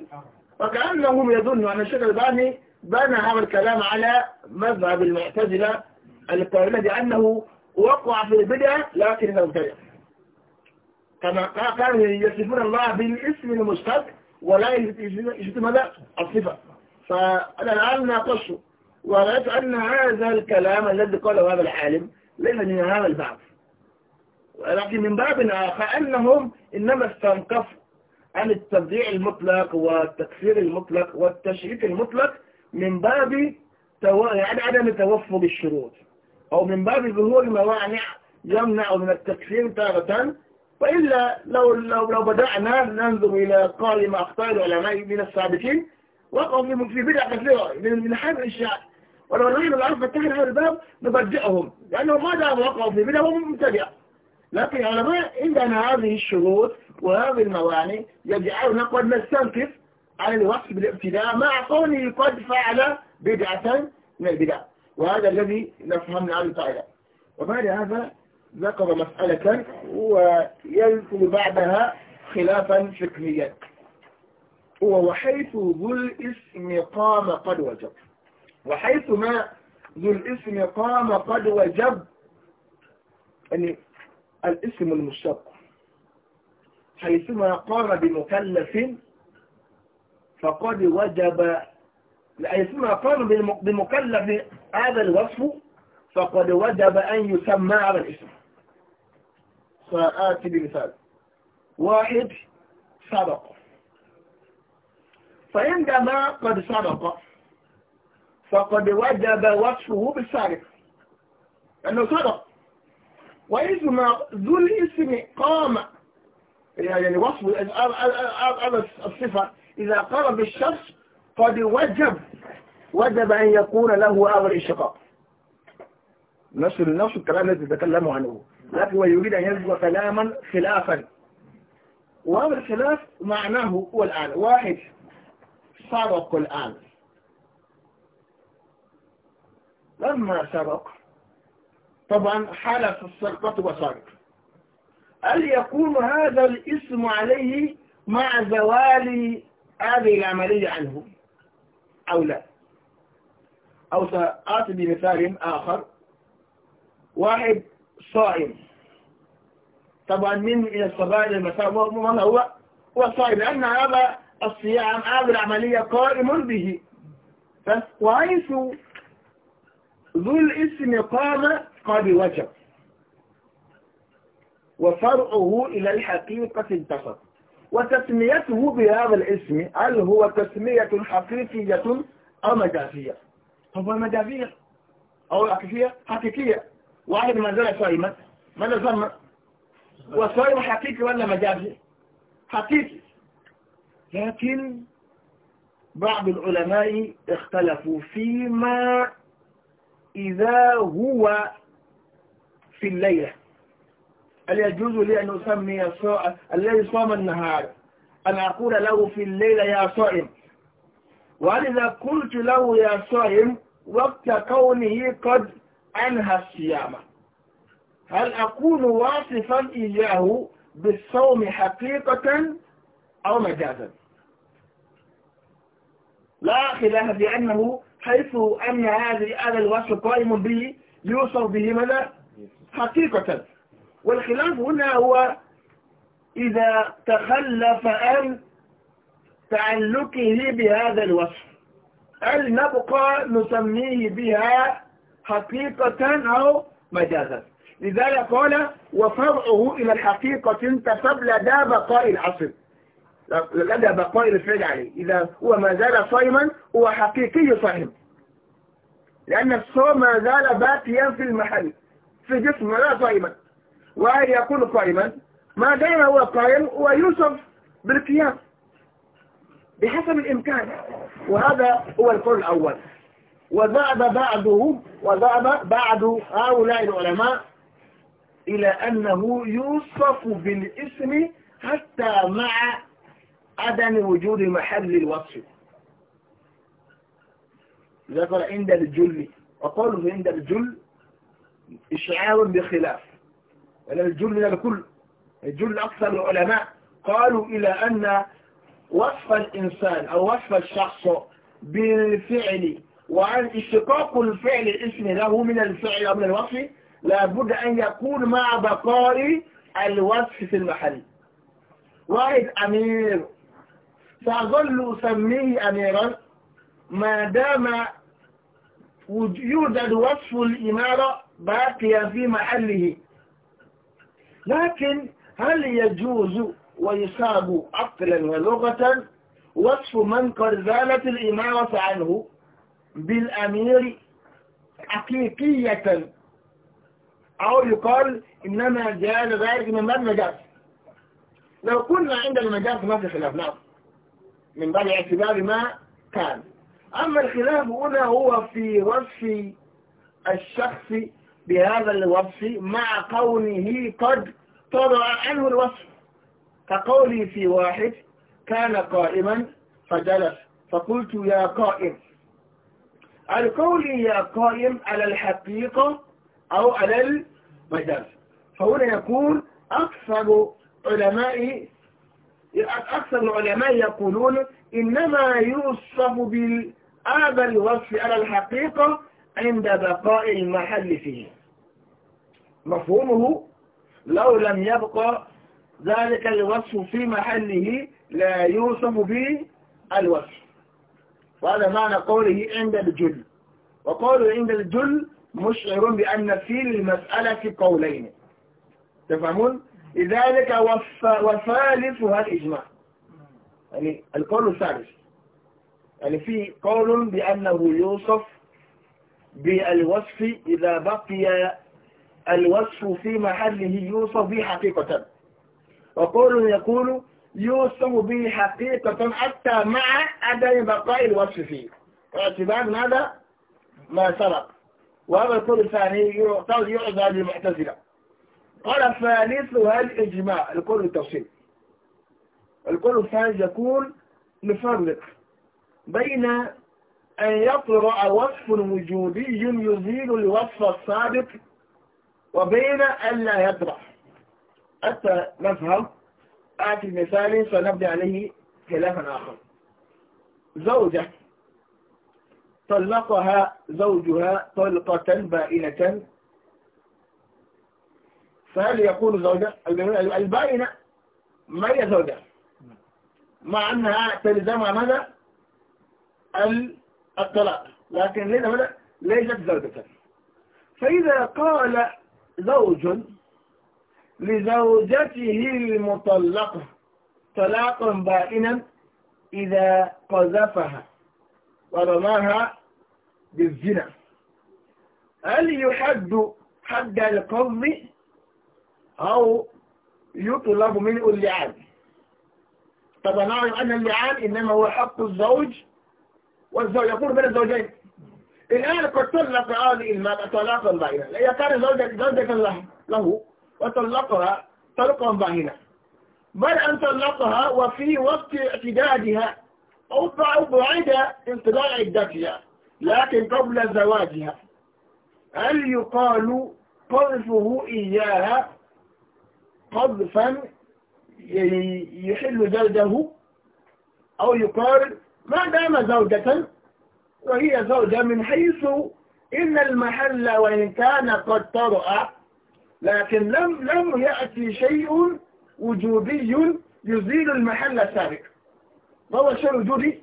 وكأنهم يظنوا أن الشيخ الباني بنى هذا الكلام على مذهب المعتزلة القائلة بأنه وقع في البدع لكنه مبتدع كما كانوا يصفون الله بالاسم المشتق ولا يشتم الصفة فأنا الآن ناقشه ورأيت أن هذا الكلام الذي قاله هذا العالم ليس من هذا الباب ولكن من باب آخر أنهم إنما استنقفوا عن التبديع المطلق والتكفير المطلق والتشريك المطلق من باب تو... يعني عدم توفر الشروط أو من باب ظهور موانع يمنع من التكفير تارة وإلا لو, لو, لو بدأنا ننظر إلى قائمة أخطاء العلماء من السابقين وقعوا في بدع كثيرة من حال الشعر ولو نريد العرب فتحنا هذا الباب نبدئهم لأنهم ما دام وقعوا في بدأ هم مبتدئة لكن العلماء عندنا هذه الشروط وهذه الموانع يجعلنا قد نستنكف على الوصف بالابتداء مع كونه قد فعل بدعة من البدع وهذا الذي نفهم من هذه القاعدة وبعد هذا ذكر مسألة ويذكر بعدها خلافا فكريا وحيث ذو الاسم قام قد وجب وحيثما ذو الاسم قام قد وجب يعني الاسم المشتق حيثما قام بمكلف فقد وجب حيثما قام بمكلف هذا الوصف فقد وجب أن يسمى على الاسم سآتي بمثال واحد سبق فعندما قد سبق فقد وجب وصفه بالصارف لأنه صدق وإذ ذو الاسم قام يعني وصف الصفة إذا قرب الشخص قد وجب وجب أن يكون له أمر الشقاء نفس نفس الكلام الذي تتكلم عنه لكن هو يريد أن يذكر كلاما خلافا وهذا الخلاف معناه هو الآن واحد صدق الآن لما سرق طبعا حلف السرقة وسرق هل يكون هذا الاسم عليه مع زوال هذه العملية عنه أو لا أو سأعطي بمثال آخر واحد صائم طبعا من الصباح للمساء من هو هو صائم لأن هذا الصيام هذه العملية قائم به وحيث ذو الاسم قام قد وجب وفرعه إلى الحقيقة انتصر وتسميته بهذا الاسم هل هو تسمية حقيقية أو مجازية هو مجازية أو حقيقية حقيقية واحد ما زال صائمة ماذا سمى والصائم حقيقي ولا مجازي حقيقي لكن بعض العلماء اختلفوا فيما إذا هو في الليلة هل يجوز لي أن أسمي الليل الذي صام النهار أن أقول له في الليلة يا صائم وهل إذا قلت له يا صائم وقت كونه قد أنهى الصيام هل أكون واصفا إياه بالصوم حقيقة أو مجازا لا خلاف بأنه حيث أن هذه هذا الوصف قائم به يوصف به ماذا حقيقة والخلاف هنا هو إذا تخلف عن تعلقه بهذا الوصف هل نبقى نسميه بها حقيقة أو مجازا لذلك قال وفرعه إلى الحقيقة تفبل لدى بقاء العصر لدى بقاء الفعل عليه إذا هو ما زال صائما هو حقيقي صائم لأن الصوم ما زال باقيا في المحل في جسمه لا صائما وأن يكون صائما ما دام هو قائم هو يوصف بالقيام بحسب الإمكان وهذا هو القول الأول وذهب بعده وذهب بعض هؤلاء العلماء إلى أنه يوصف بالاسم حتى مع عدم وجود محل الوصف ذكر عند الجل وقوله عند الجل إشعار بخلاف ولأن يعني الجل من الكل الجل أكثر العلماء قالوا إلى أن وصف الإنسان أو وصف الشخص بالفعل وعن اشتقاق الفعل اسم له من الفعل أو من الوصف لابد أن يكون مع بقاء الوصف في المحل واحد أمير فأظل أسميه أميرا ما دام يوجد وصف الإمارة باقيا في محله لكن هل يجوز ويصاب عقلا ولغة وصف من قد زالت الإمارة عنه بالأمير حقيقية أو يقال إنما جاء ذلك من المجاز لو كنا عند المجاز ما في خلاف نعم من باب اعتبار ما كان أما الخلاف هنا هو في وصف الشخص بهذا الوصف مع كونه قد طبع عنه الوصف كقولي في واحد كان قائما فجلس فقلت يا قائم القول يا قائم على الحقيقة أو على المجال فهنا يكون أكثر علماء أكثر العلماء يقولون إنما يوصف بالآب الوصف على الحقيقة عند بقاء المحل فيه مفهومه لو لم يبقى ذلك الوصف في محله لا يوصف به الوصف وهذا معنى قوله عند الجل وقوله عند الجل مشعر بأن في المسألة قولين تفهمون؟ لذلك وثالثها الإجماع يعني القول الثالث يعني في قول بأنه يوصف بالوصف إذا بقي الوصف في محله يوصف به حقيقة وقول يقول يوصف به حقيقة حتى مع عدم بقاء الوصف فيه واعتبار ماذا؟ ما سبق وهذا القول الثاني يعتبر يعزى للمعتزلة قال ثالثها الإجماع الكل التفصيل الكل الثالث يكون نفرق بين أن يطرع وصف وجودي يزيل الوصف السابق وبين أن لا يطرع حتى نفهم آتي مثال سنبدأ عليه خلافا آخر زوجة طلقها زوجها طلقة بائنة فهل يكون زوجة الباينة ما هي زوجة مع أنها تلزمها ماذا الطلاق لكن ليس ماذا ليست زوجة فإذا قال زوج لزوجته المطلقة طلاقا بائنا إذا قذفها ورماها بالزنا هل يحد حد القذف أو يطلب منه اللعاب طبعا نعلم أن اللعاب إنما هو حق الزوج والزوج يكون بين الزوجين الآن قد طلق هذه المرأة طلاقا باهنا هي كان زوجة له, له وطلقها طلقا باهنا بل أن طلقها وفي وقت اعتدادها أو بعد انقضاء عدتها لكن قبل زواجها هل يقال قذفه إياها قذفا يحل زوجه أو يقال ما دام زوجة وهي زوجة من حيث إن المحل وإن كان قد طرأ لكن لم لم يأتي شيء وجودي يزيل المحل السابق وهو شيء وجودي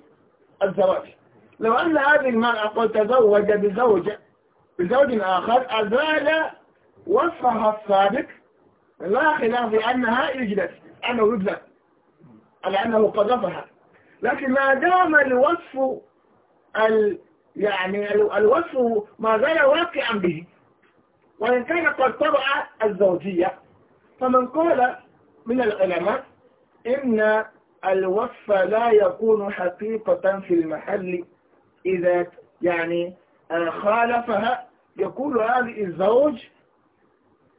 الزواج لو أن هذه المرأة قد تزوج بزوج بزوج آخر أزال وصفها السابق لا خلاف لأنها أنها يجلس أنه يجلس على أنه قذفها لكن ما دام الوصف ال يعني الوصف ما زال واقعا به وإن كان قد طبع الزوجية فمن قال من العلماء إن الوصف لا يكون حقيقة في المحل إذا يعني آه، خالفها يقول هذه الزوج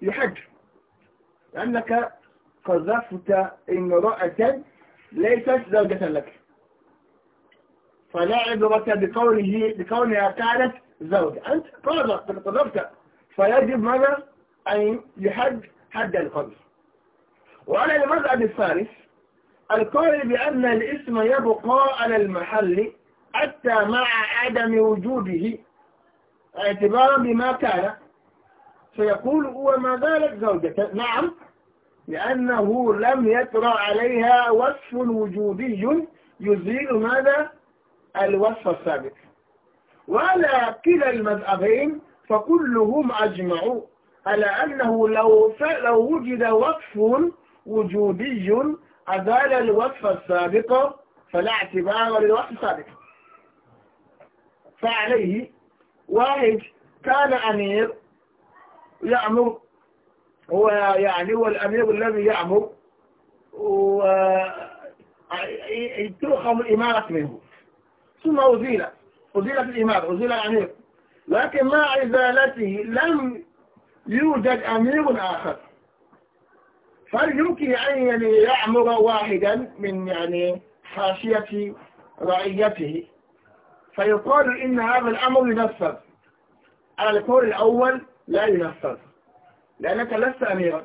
يحجر أنك قذفت امرأة ليست زوجة لك فلا عبرة بقوله بكونها كانت زوجة أنت قذفت فيجب ماذا أن يحد حد القذف وعلى المذهب الثالث القول بأن الاسم يبقى على المحل حتى مع عدم وجوده اعتبارا بما كان فيقول هو ما زالت زوجة نعم لأنه لم يطرأ عليها وصف وجودي يزيل ماذا؟ الوصف السابق وعلى كلا المذهبين فكلهم أجمعوا على أنه لو لو وجد وصف وجودي أزال الوصف السابق فلا اعتبار للوصف السابق فعليه واحد كان أمير يأمر هو يعني هو الأمير الذي و تؤخذ الإمارة منه ثم أزيل أزيلت الإمارة أزيل الأمير لكن مع إزالته لم يوجد أمير آخر فهل يمكن أن يعني واحدا من يعني حاشية رعيته فيقال إن هذا الأمر ينفذ على القول الأول لا ينفذ لأنك لست أميرا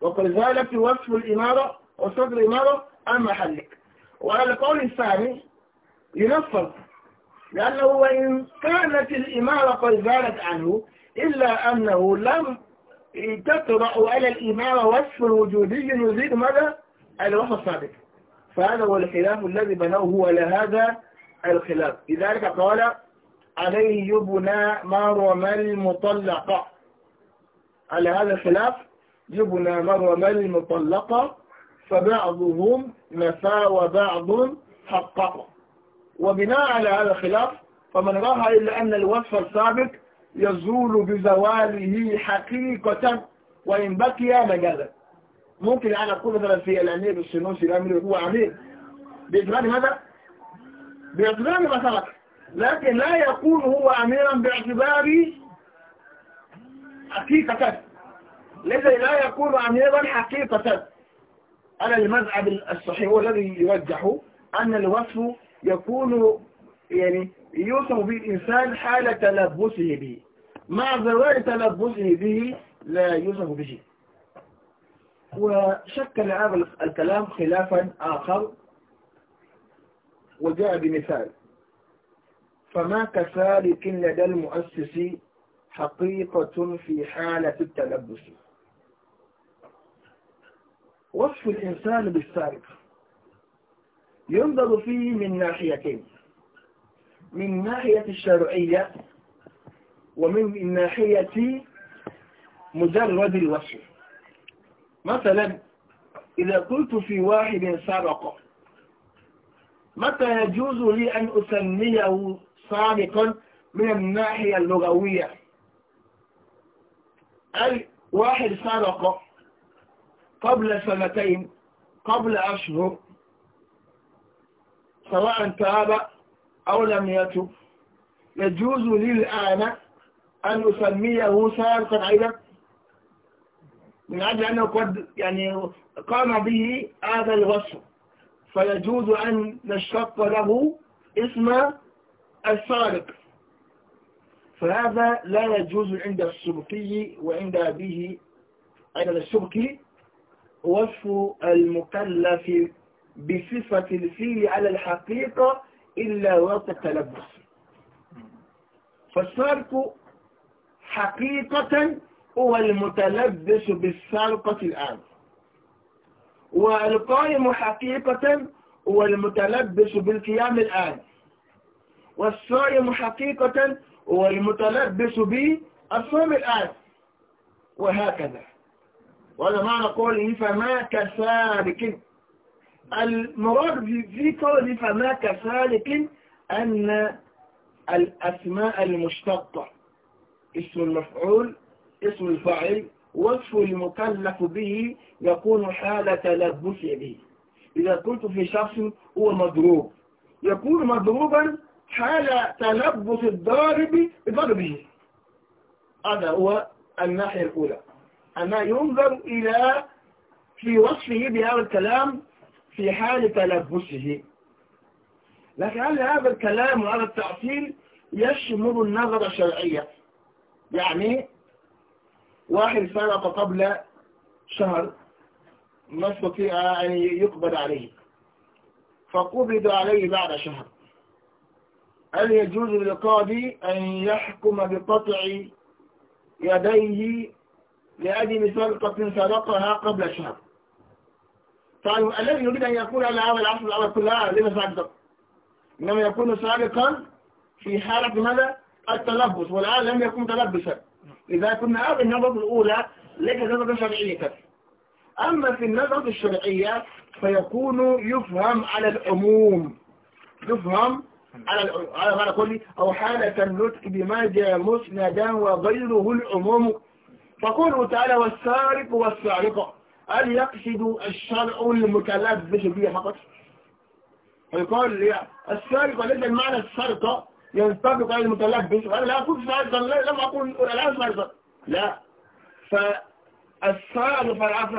وقد زالت وصف الإمارة وصدر الإمارة عن محلك وعلى القول الثاني ينفذ لأنه وإن كانت الإمارة قد زالت عنه إلا أنه لم تطرأ على الإمارة وصف وجودي يزيد مدى الوصف الصادق فهذا هو الخلاف الذي بنوه على هذا الخلاف لذلك قال عليه يبنى ما رمى المطلقة على هذا الخلاف مر من المطلقة فبعضهم نفى وبعض حقق وبناء على هذا الخلاف فمن راها إلا أن الوصف السابق يزول بزواله حقيقة وإن بقي مجالا ممكن أن أقول مثلا في الأمير السنوسي الأمير هو أمير بإقرار هذا بإقرار مثلا لكن لا يكون هو أميرا باعتبار حقيقة لذا لا يكون أميضا حقيقة على المذهب الصحيح والذي يرجح أن الوصف يكون يعني يوصف به الإنسان حال تلبسه به مع ذوال تلبسه به لا يوصف به وشكل هذا الكلام خلافا آخر وجاء بمثال فما كسالك لدى المؤسس حقيقة في حالة التلبس وصف الإنسان بالسارق ينظر فيه من ناحيتين من ناحية الشرعية ومن ناحية مجرد الوصف مثلا إذا قلت في واحد سرق متى يجوز لي أن أسميه سارقا من الناحية اللغوية أي واحد سرق قبل سنتين قبل أشهر سواء تاب أو لم يتب يجوز لي الآن أن أسميه سارقا أيضا من أجل أنه قد يعني قام به هذا الوصف فيجوز أن نشتق له اسم السارق فهذا لا يجوز عند السبكي وعند أبيه عند السبكي وصف المكلف بصفة الفيل على الحقيقة إلا وقت التلبس فالسرق حقيقة هو المتلبس بالسرقة الآن والقائم حقيقة هو المتلبس بالقيام الآن والصائم حقيقة والمتلبس به الصوم الآن وهكذا وهذا معنى قوله فما كسالك المراد في قوله فما كسالك أن الأسماء المشتقة اسم المفعول اسم الفاعل وصف المكلف به يكون حال تلبس به إذا كنت في شخص هو مضروب يكون مضروبا حال تلبس الضارب بضربه هذا هو الناحية الأولى أما ينظر إلى في وصفه بهذا الكلام في حال تلبسه لكن هل هذا الكلام وهذا التعطيل يشمل النظرة الشرعية يعني واحد سرق قبل شهر ما استطيع أن يقبل عليه فقبض عليه بعد شهر هل يجوز للقاضي أن يحكم بقطع يديه لأجل سرقة سرقها قبل شهر طبعا الذي يريد أن يقول على هذا العصر الأول كلها لما سرقت إنما يكون سارقا في حالة ماذا؟ التلبس والآن لم يكن تلبسا إذا كنا هذه النظرة الأولى لك نظرة شرعية أما في النظرة الشرعية فيكون يفهم على العموم يفهم على على نقول أو حالة النطق بما جاء مسندا وغيره العموم فقوله تعالى والسارق والسارقة هل يقصد الشرع المتلبس به فقط؟ يقول لي السارقة ليس المعنى السرقة ينطبق على المتلبس وأنا لا أقول سارقا لم أقول الآن سارقا لا فالسارق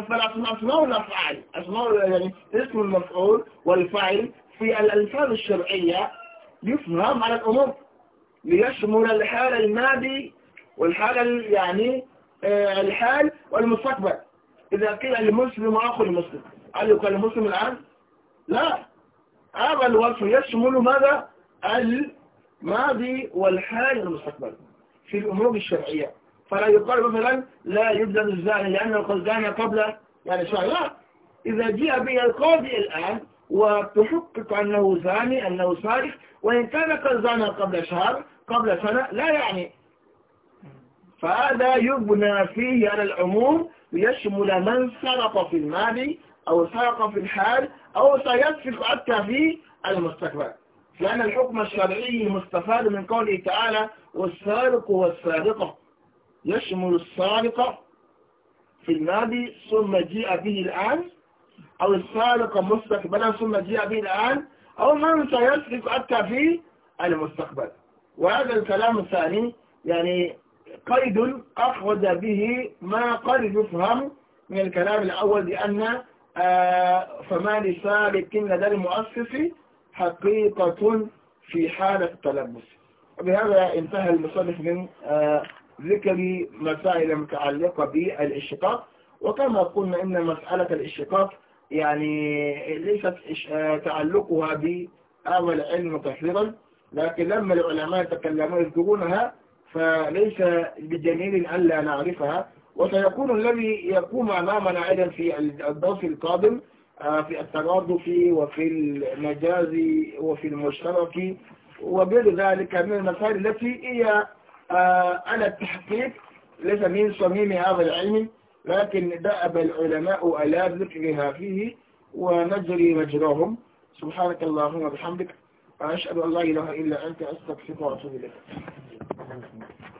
فالأسماء الافعال أسماء يعني اسم المفعول والفاعل في الألفاظ الشرعية يفهم على الأمور ليشمل الحال الماضي والحال يعني آه، الحال والمستقبل إذا قيل المسلم أخو المسلم هل يقال المسلم الآن؟ لا هذا الوصف يشمل ماذا؟ الماضي والحال والمستقبل في الأمور الشرعية فلا يقال مثلا لا يبدأ الزاني لأن الزاني قبل يعني شرع لا إذا جاء به القاضي الآن وتحقق أنه زاني أنه سارق وإن كان قد زنى قبل شهر قبل سنة لا يعني فهذا يبنى فيه على العموم ليشمل من سرق في الماضي أو سرق في الحال أو سيسرق حتى في المستقبل لأن الحكم الشرعي مستفاد من قوله تعالى والسارق والسارقة يشمل السارقة في الماضي ثم جيء به الآن أو السالك مستقبلا ثم جاء به الآن أو من سيسلك حتى في المستقبل وهذا الكلام الثاني يعني قيد أخذ به ما قد يفهم من الكلام الأول بأن آه، فما لسالك لدى المؤسس حقيقة في حالة التلبس وبهذا انتهى المصنف من آه، ذكر مسائل متعلقة بالاشتقاق وكما قلنا إن مسألة الاشتقاق يعني ليست آه، تعلقها بهذا العلم تحريرا لكن لما العلماء يتكلمون يذكرونها فليس بجميل ألا نعرفها وسيكون الذي يقوم أمامنا أيضا في الدرس القادم آه، في الترادف وفي المجاز وفي المشترك وغير ذلك من المسائل التي هي آه، على التحقيق ليس من صميم هذا العلم لكن دأب العلماء ألا ذكرها فيه ونجري مجراهم سبحانك اللهم وبحمدك أشهد أن لا إله إلا أنت أستغفرك وأتوب إليك